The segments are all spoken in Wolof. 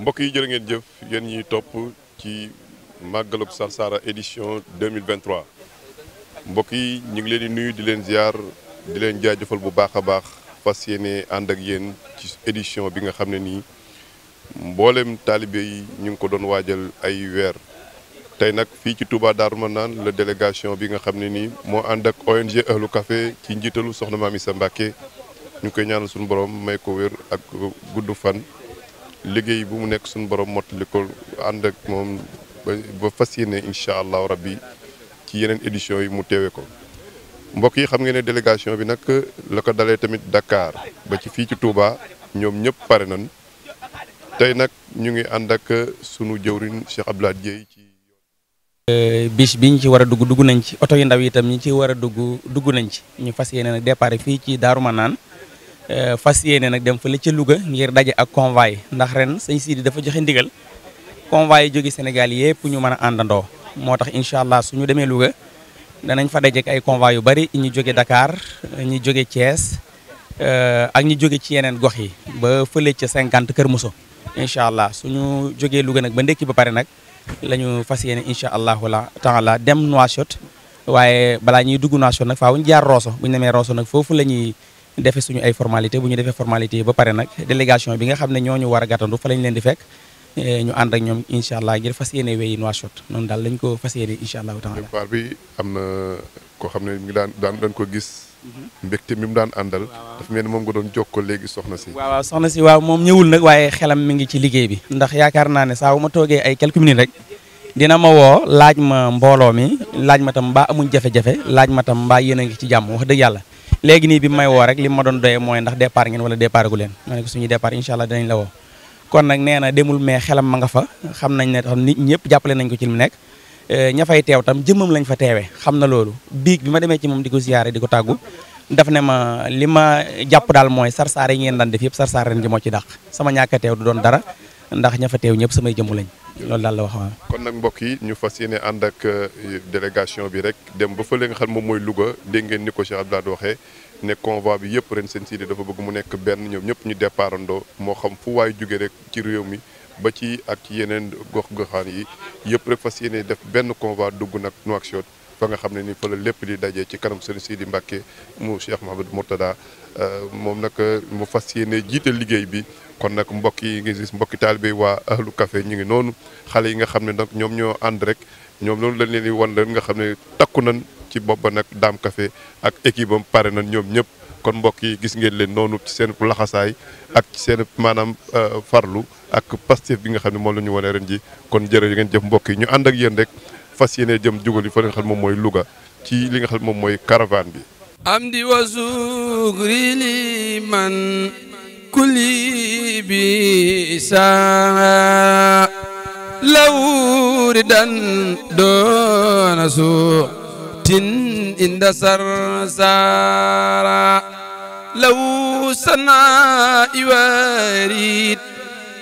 mbokk yi jërë ngeen jëf yéen ñuy topp ci màggalub Sarsara édition 2023 mbokk yi ñu ngi leen di nuyu di leen ziar di leen jaajëfal bu baax a baax fas yéene ànd ak yéen ci édition bi nga xam ne nii mboolem taalibe yi ñu ngi ko doon waajal ay weer. tey nag fii ci Touba Darou Manane la délégation bi nga xam ne nii moo ànd ak ONG Ahlu Café ci njiitalu soxna Mami Sa Mbàkke ñu koy ñaanal suñu borom may ko wér ak gudd fan. liggéey bu mu nekk suñu borom mottali ko ànd ak moom ba fas yéene incha allahu rabbi ci yeneen édition yi mu teewe ko mbokk yi xam ngeen ne délégation bi nag la ko dalee tamit dakaar ba ci fii ci Touba ñoom ñëpp pare nan tey nag ñu ngi ànd ak sunu jëwriñ Cheikh Abdoulaye Dieye ci euh, bis bi ñu ci war a dugg dugg nañ ci oto yu ndaw yi itam ñi ci war a dugg dugg nañ ci ñu fas yéene nag départ fii ci Daaru Manaan Euh, fas yéene nag dem fële ca Louga ngir daje ak convoy ndax ren sëñ Sidi dafa joxe ndigal convoy yi jóge Sénégal yëpp ñu man a àndandoo moo tax incha allah suñu demee Louga danañ fa daje ak ay convoy yu bari ñu jóge Dakar ñu jóge Thiès euh, ak ñu jóge ci yeneen gox yi ba fële ca 50 Kër Moussa incha allah suñu jógee Louga nag ba ndekki ba pare nag la ñu fas yéene incha allahu la dem Nouakchott waaye balaa ñuy dugg Nouakchott nag faaw ñu jaar Rosso bu ñu demee Rosso nag foofu la ñuy. defe suñu ay formalité bu ñu defee formalité yi ba pare nag délégation bi nga xam ne ñooñu war a gàttandu fa lañ leen di fekk eh, ñu ànd ak ñoom incha allah ngir fas yéene wéy Nouakchott noonu daal lañ ko fas yéene incha allahu taala départ bi am na koo xam ne mi ngi daan daan dañ ko gis mhm. mbégte mi mu daan àndal dafa mel ni moom nga doon jokkoo léegi soxna si waaw soxna si waaw moom ñëwul nag waaye xelam mi ngi ci liggéey bi ndax yaakaar naa ne saa ma toogee ay quelques minutes rek dina ma woo laaj ma mbooloo mi laaj ma mbaa amuñ jafe laaj ma tam mbaa yéen a ngi ci jàmm wax dëgg yàlla léegi nii bi may woo rek li ma doon doyee mooy ndax départ ngeen wala départ gu leen ma ne ko suñuy départ incha allah la woo kon nag nee na demul mais xelam ma nga fa xam nañ ne nit ñëpp jàppale nañ ko ci li mu nekk eh, ña fay teew tam jëmmam lañ fa teewee xam na loolu biig bi ma demee ci moom di ko siyaare di ko tàggu daf ne ma li ma jàpp daal mooy sarsaar yi ngeen daan def yëpp sarsaar ren ji moo ci dàq sama ñàkk teew du doon dara ndax ña fa ñëpp samay jëmm lañ loolu daal la wax kon nag mbokk yi ñu fas yéene ànd ak euh, délégation bi rek dem ba fële nga xam moom mooy Louga dégg ngeen ni ko Cheikh Abdoulaye waxee ne convoi bi yëpp ren seen siidi dafa bëgg mu nekk benn ñoom ñëpp ñu départandoo moo xam fu waay jóge rek ci réew mi ba ci ak ci yeneen gox goxaan yi yëpp rek fas yéene def benn convoi dugg nag Nouakchott fa nga xam ne ni fa la lépp di dajee ci kanam sëriñ Sidi Mbacke mu Cheikh Mouhamadou Mourtada euh, moom nag euh, mu fas yéene jiite liggéey bi kon nag mbokk yi ngi gis mbokki taalibe yi waa ahlu café ñu ngi noonu xale yi nga xam ne nag ñoom ñoo ànd rek ñoom loolu lañ leen di wan leen nga xam ne takku nañ ci bopp nag daam kafe ak équipe am pare nañ ñoom ñëpp kon mbokk yi gis ngeen leen noonu ci seen laxasaay ak ci seen maanaam euh, farlu ak pastef bi nga xam ne moom la ñu wane ren ji kon jër yi ngeen jëf mbokk yi ñu ànd ak yéen rek fas yéene jëm jugal yi fa nga xam moom mooy Louga ci li nga xam moom mooy caravane bi بيسا لو ردا دون سوء عند سرسارا لو سنا يواريد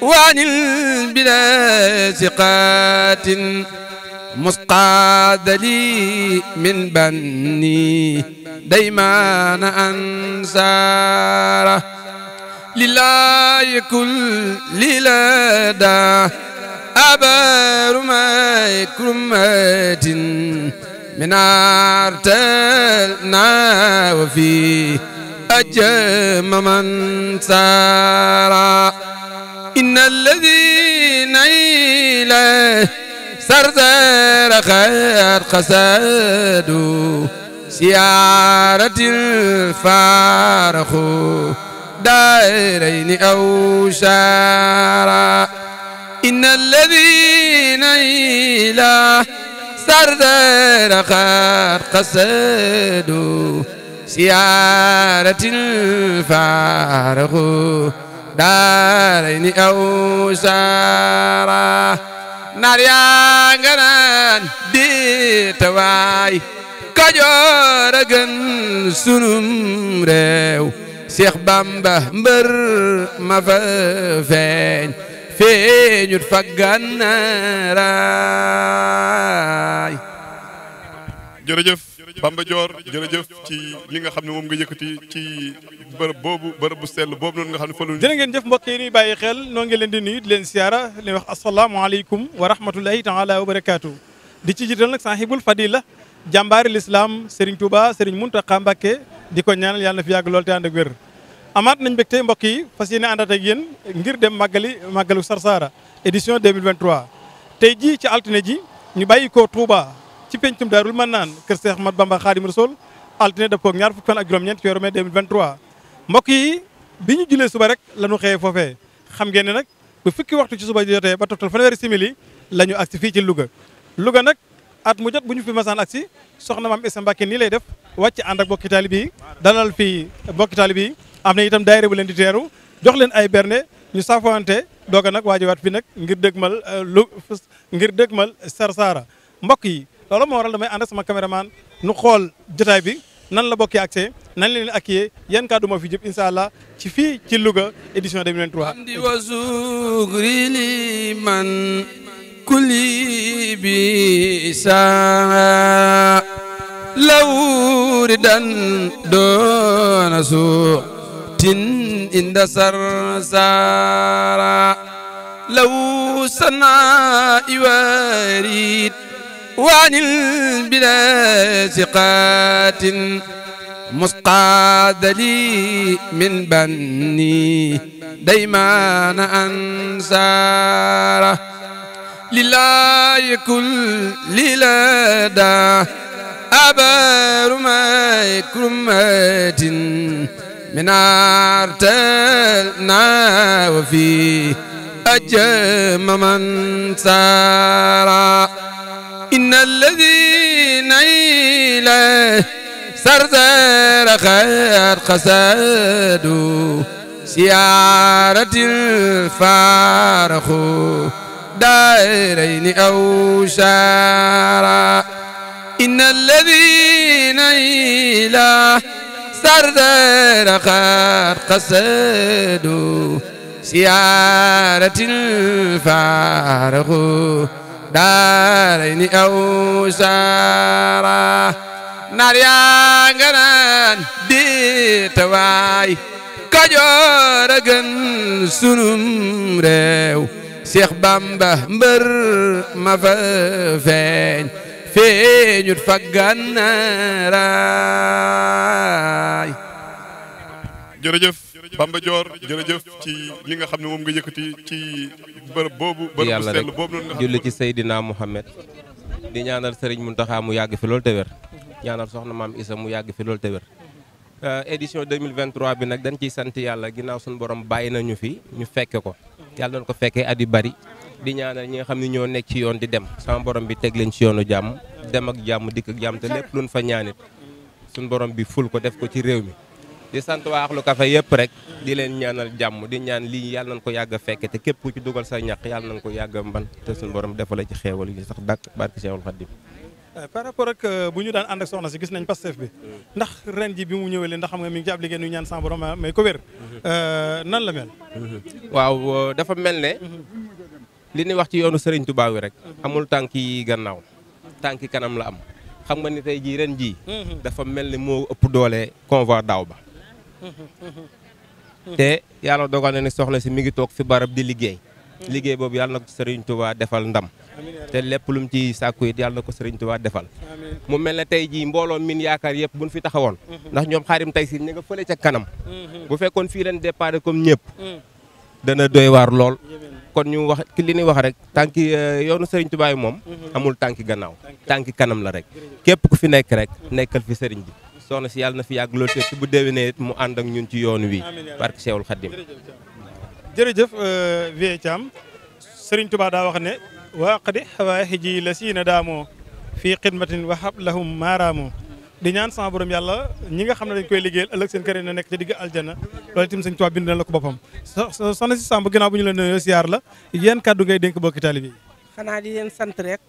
وعن البلا ثقات مسقاد لي من بني ديمان أنساره لله كل لدى أبار مكرمات من أرتلنا وفي أجم من سارا إن الذين إلى سرزر خير خسادوا سيارة الفارخو الدارين أو شارا إن الذين إلى سردر قد قصدوا سيارة فارغوا دارين أو شارا naar yaa nga naan diit waay Kajoor a gën sunum réew Seex Bamba mbër ma fa feeñ feeñut fa gànnaaraay jërëjëf Bamba Dior jërëjëf ci li nga xam ne moom nga yëkkati ci bërëb boobu bërëb bu sell boobu noonu ga xam ne fa jërë ngeen jëf mbokk yi bàyyi xel noo ngi leen di nuyu di leen siyaara leen wax asalaamaaleykum wa rahmatulahi taala wa barakaatu di ci jiital nag saahibul fadila jàmbaari lislaam Serigne Touba Serigne Mountakha Mbacké di ko ñaanal yàlla na fi yàgg lool te ànd ak wér amaat nañ mbégte mbokk yi fas yéene àndaat ak yéen ngir dem màggali màggalu Sarsara édition 2023 tey jii ci altine ji ñu bàyyi ko Touba ci pencum Daarul Mannaan kër Seex Ahmadu Bamba Xaadim Rasuul altine def ko ñaar fukki fan ak juróom-ñeent ci weeru mai 2023 mbokk yi bi ñu julee suba rek la ñu xëyee foofee xam ngeen ne nag bu fukki waxtu ci suba jotee ba toftal fanweeri simili la ñu agsi fii ci luga Louga nag at mu bu ñu fi masaan agsi soxna maam Isa Mbàkke nii lay def wàcc ànd ak bokki taalib yi dalal fi bokki taalib yi am na itam daayira bu leen di teeru jox leen ay berne ñu saafoonte doog a nag waajowaat nag ngir dëgmal euh, lu ngir dëgmal Sarsara mbokk yi loolu moo waral damay ànd ak sama caméraman nu xool jotaay bi nan la bokki accès nan ak akkiyee yan kàddu moo fi jëm incha allah ci fii ci Louga édition 2023 kulli bi saa لوردا دون سوء إن سرسارا لو سنا يواريد وعن البلاس قات مسقاد لي من بني ديمان أنساره لله كل لله أبار ما كرمات من أرتلنا وفي أجم من سارا إن الذين إلى سرزر خير قسدوا سيارة الفارخ دائرين أو شارا إن الذين إلى سردر قد قصدوا سيارة الفارغ دارين أو سارة نار يا غنان دي تواي kajoor a gën sunum réew Seex Bamba mbër ma fa feeñ feeñut fa gànnaaraay jërëjëf Bamba Dior jërëjëf ci li nga xam ne moom nga yëkkati ci bërëb boobu bërëb bu sell boobu noonu julli ci Seydina Mouhamed di ñaanal Serigne Mountakha mu yàgg fi loolu te wér ñaanal soxna maam Issa mu yàgg fi loolu te wér euh, édition 2023 bi nag dañ ciy sant yàlla ginnaaw suñu borom bàyyi nañu fi ñu fekke ko yàlla doon ko fekkee at bari di ñaanal ñi xam ne ñoo nekk ci yoon di dem sama bi teg leen ci yoonu jàmm dem ak jàmm dikk ak jàmm te lépp luñ fa ñaanit suñ borom bi ful ko def ko ci réew mi di sant waaxlu kafe yëpp rek di leen ñaanal jàmm di ñaan lii yàlla nañ ko yàgg a fekke te képp ku ci dugal sa ñaq yàlla nañ ko yàgg a mban te suñu borom defale ci xeewal yi sax dàkk barki Cheikhul Khadim euh, par rapport ak euh, bu ñu daan ànd ak soxna si gis nañ Pastef bi mm. ndax ren ji bi mu ñëwee li ñuy wax ci yoonu Serigne Touba wi rek amul tànk yi gannaaw tànki kanam la am xam nga ni tey jii ren jii dafa mel ni moo ëpp doole convoi daaw ba te yàlla dogal na ni soxna si mi ngi toog fi barab di liggéey liggéey boobu yàlla na ko Serigne Touba defal ndam te lépp lu mu ci sàkku it yàlla ko Serigne Touba defal mu mel ne tey jii mbooloo min yaakaar yëpp buñ fi woon ndax ñoom xaarim tey si ñu nga fële ca kanam bu fekkoon fii leen départ comme ñëpp dana doy kon ñu wax ki li wax rek tànki euh, yoonu sëriñ Tuubaa moom mhm. amul tànki gannaaw tànki kanam la rek képp ku fi nekk rek nekkal fi sëriñ bi soxna si yàlla na fi yàgg loolu te bu déwénee mu ànd ak ñun ci yoonu wi barke Seexul Xaddim jërëjëf euh, Vieux Thiam sëriñ Tuubaa daa wax ne waaqadi xawaaxi ji la siina daamoo fii xidmatin wa hablahum maaraamoo di ñaan sama borom yàlla ñi nga xam ne dañ koy liggéeyal ëllëg seen kër na nekk ca digg aljana loolu itam sëñ Tuubaa bind na la ko boppam soxna si Samb ginnaaw bu ñu la nuyoo siyaar la yéen kàddu ngay dénk bokki taalibe xanaa di leen sant rek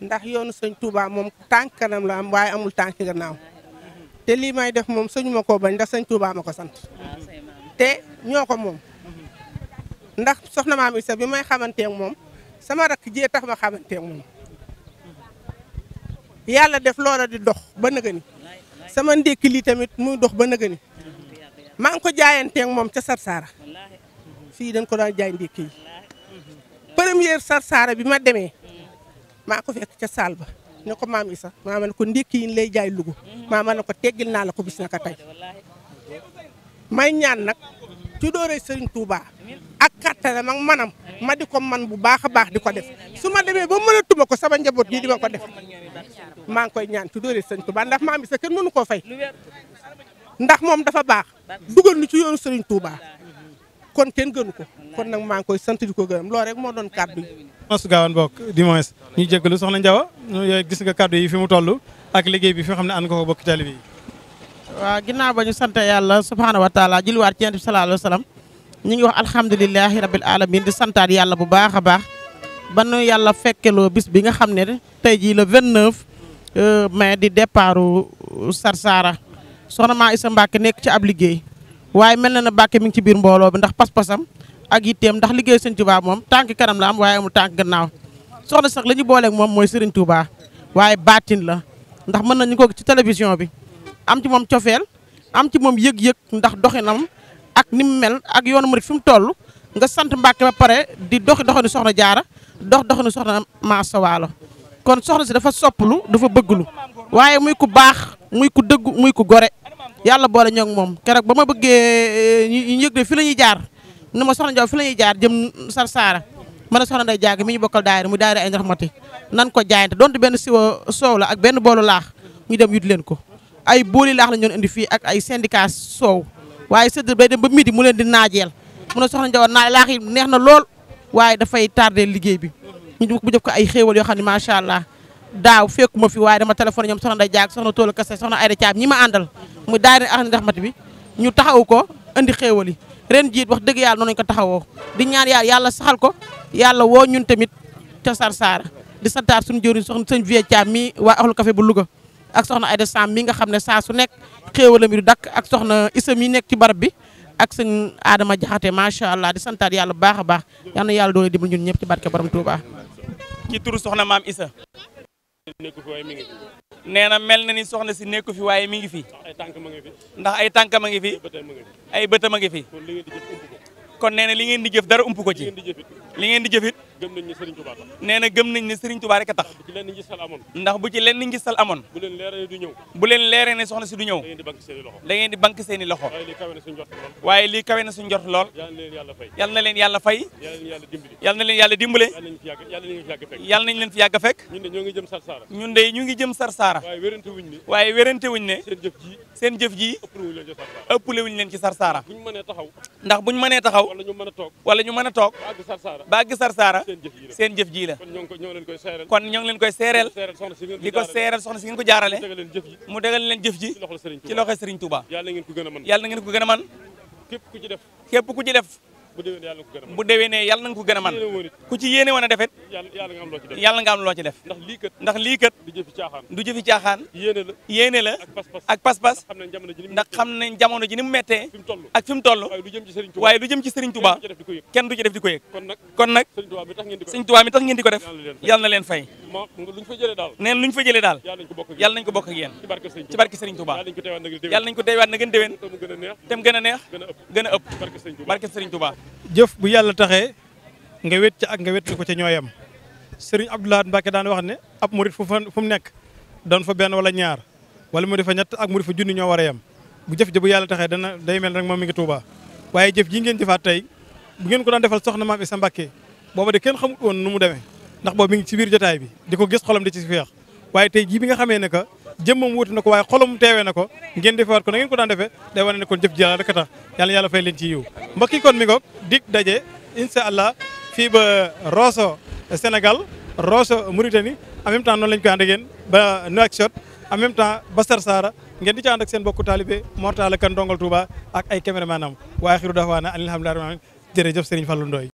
ndax yoonu sëñ Tuubaa moom tànk kanam la am waaye amul tànk gannaaw te lii may def moom sëñu ma ko bañ ndax sañ Tuubaa ma ko sant te ñoo ko moom ndax soxna maam Isa bi may xamanteeg moom sama rakk jee tax ma xamanteeg yàlla def loola di dox ba nëga sama ndékki lii tamit muy dox ba nëga ni maa ngi ko jaayanteeg moom ca Sarsara fii dañ ko daan jaay ndékki yi première Sarsara bi ma demee maa ko fekk ca saal ba ne ko maam Isa maama ne ko ndékki lay jaay lugu maama ne ko teggil naa la ko bis naka tey may ñaan nag ci dooree Serigne Touba ak kattanam mag manam ma di ko man bu baax a baax di ko def su ma demee ba mënatuma ko sama njaboot yi di ma ko def maa ngi koy ñaan ci dooree Serigne Touba ndax maa mi kenn mënu koo fay ndax moom dafa baax dugal nu ci yoonu Serigne Touba kon kenn gënu ko kon nag maa ngi koy sant di ko gërëm loolu rek moo doon kàddu yi. dimanche gaawan bokk dimanche ñu jégalu soxna Njawa yooyu gis nga kàddu yi fi mu toll ak liggéey bi fi nga xam ne ànd nga ko bokk taalibe yi waaw ginnaaw ba ñu sant yàlla subhaana wa taala julliwaat ci yonent bi salallaahu alayhi wa ñu ngi wax alhamdulilahi rabil alamin di santaat yàlla bu baax a baax ba nu yàlla fekkeloo bis bi nga xam ne tey jii la le 29 euh, mais di départ Sarsara soxna maa Isa Mbàkke nekk ci ab liggéey waaye mel na ne Mbàkke mi ngi ci biir mbooloo bi ndax pas-pasam ak yitteem ndax liggéey Sëñ baa moom tànk kanam la am waaye amul tànk gannaaw soxna sax la ñu booleeg moom mooy Sëriñ Tuubaa waaye baatin la ndax mën nañu ko ci télévision bi am ci moom cofeel am ci moom yëg-yëg ndax doxinam ak ni mu mel ak yoonu murit fi mu toll nga sant Mbàkke ba pare di doxi doxinu soxna jaara dox doxinu soxna Maasa Waalo kon soxna si dafa sopplu dafa bëgglu waaye muy ku baax muy ku dëggu muy ku gore yàlla boole ñoo ngi moom keroog ba ma bëggee eh, ñu yëg de fi la ñuy jaar ni ma soxna Jaw fu la ñuy jaar jëm Sarsara man ne soxna Ndey Jaag mi ñu bokkal daayira mu daayira ay raxmati nan ko jaayante donte benn siwa soow ak benn boolu laax ñu dem yut leen ko ay booli laax la ñoon indi fii ak ay syndicat soow waaye sëdd bay dem ba midi mu leen di naajeel mu ne soxna Jaw naa laax yi neex na lool waaye dafay tardé liggéey bi ñu bu jëf ko ay xéewal yoo xam ne macha allah daaw fekkuma fi waaye dama téléphone ñoom soxna Nday Jaag soxna Toola Kase soxna Ayda Caab ñi ma àndal mu daari ak raxmat bi ñu taxaw ko indi xéewal yi ren jiit wax dëgg yàlla noonu ñu ko taxawoo di ñaan yàlla yàlla saxal ko yàlla woo ñun tamit ca Sarsara di taar suñu jëriñ soxna sëñ Vieux Thiam mii waa axlu kafe bu Louga ak soxna Aida Samb mi nga xam ne saa su nekk xéewalam dakk ak soxna Issa mi nekk ci barab bi ak sëñ Adama Jaxate macha allah di santaat yàlla bu baax a baax yal na yàlla doole dimbal ñun ñëpp ci barke Borom Touba. ci turu soxna maam Issa. nee na mel na ni soxna si nekku fi waaye mi ngi fi. ndax ay tànkam a ngi fi. ay bëtam ngi fi. kon nee na li ngeen di jëf dara ump ko ci li ngeen di jëfit gëm nañ ni Serigne Touba tax nee na gëm nañ ni Serigne Touba rek a tax bu ci lenn ngistal amoon ndax bu ci lenn ngistal amoon bu leen bu leen leere ne soxna si du ñëw da di bank seen loxo waaye lii kawe na suñ lool yal na leen yàlla fay yal na leen yàlla dimbale yal nañ leen fi yàgg a ñun de ñun de ñu ngi jëm sarsaara waaye wérante wuñ ne taxaw wala ñu mën a toog wala ñu mën a toog ba àgg Sarsara seen jëf ji la kon ñoo ngi leen koy seereel kon ko seereel soxna si ngeen ko jaarale mu degal leen jëf ji ci loxo Serigne Touba yàlla na ngeen ko gën a mën képp ku ci def képp ku ci def bu déwénee yàlla na nga a man ku ci a defet yàlla nga am loo def ndax lii kat du jëfi caaxaan yéene la ak pas-pas ndax xam nañ jamono ji ni mu méttee ak fi mu toll waaye lu jëm ci Serigne Touba kenn du ci def di ko yëg kon nag Serigne Touba mi tax ngeen ko def yàlla leen fay neen lu fa jëlee daal yàlla nañ ko bokk ak ci barke Serigne Touba yàlla nañ ko teewaat na gën déwén tem gën a neex gën a ëpp jëf bu yàlla taxee nga wet ca ak nga wét ko ca ñoo ñooyam sëriñ Abdoulaye Mbacke daan wax ne ab murit fu fu mu nekk doon fa benn wala ñaar wala mu di fa ñett ak mu di fa junni ñoo war a bu jëf ji bu yàlla taxee dana day mel rek moom mi ngi Touba waaye jëf ji ngeen jëfaat tey bu ngeen ko daan defal soxna maam sa Mbacke booba de kenn xamut woon nu mu demee ndax boobu mi ngi ci biir jotaay bi di ko gis xolam di ci feex waaye tey jii bi ne que jëmmam wuti na ko waaye xolam teewee na ko ngeen defewaat ko na ko daan defee day wane ne kon jëf ji yàlla rek a tax yàlla yàlla fay leen ci yiw mbokk yi kon mi ngoog dig daje incha allah fii ba Rosso Sénégal Rosso Mauritanie en même ko noonu lañ koy ànd ak yéen ba Nouakchott en même temps ba Sarsara ngeen di ci ànd ak seen bokku taalibe Mortala Kan Ndongal Touba ak ay caméraman am waaye xiru dafa waana alhamdulilah jërëjëf Serigne Fallou Ndoye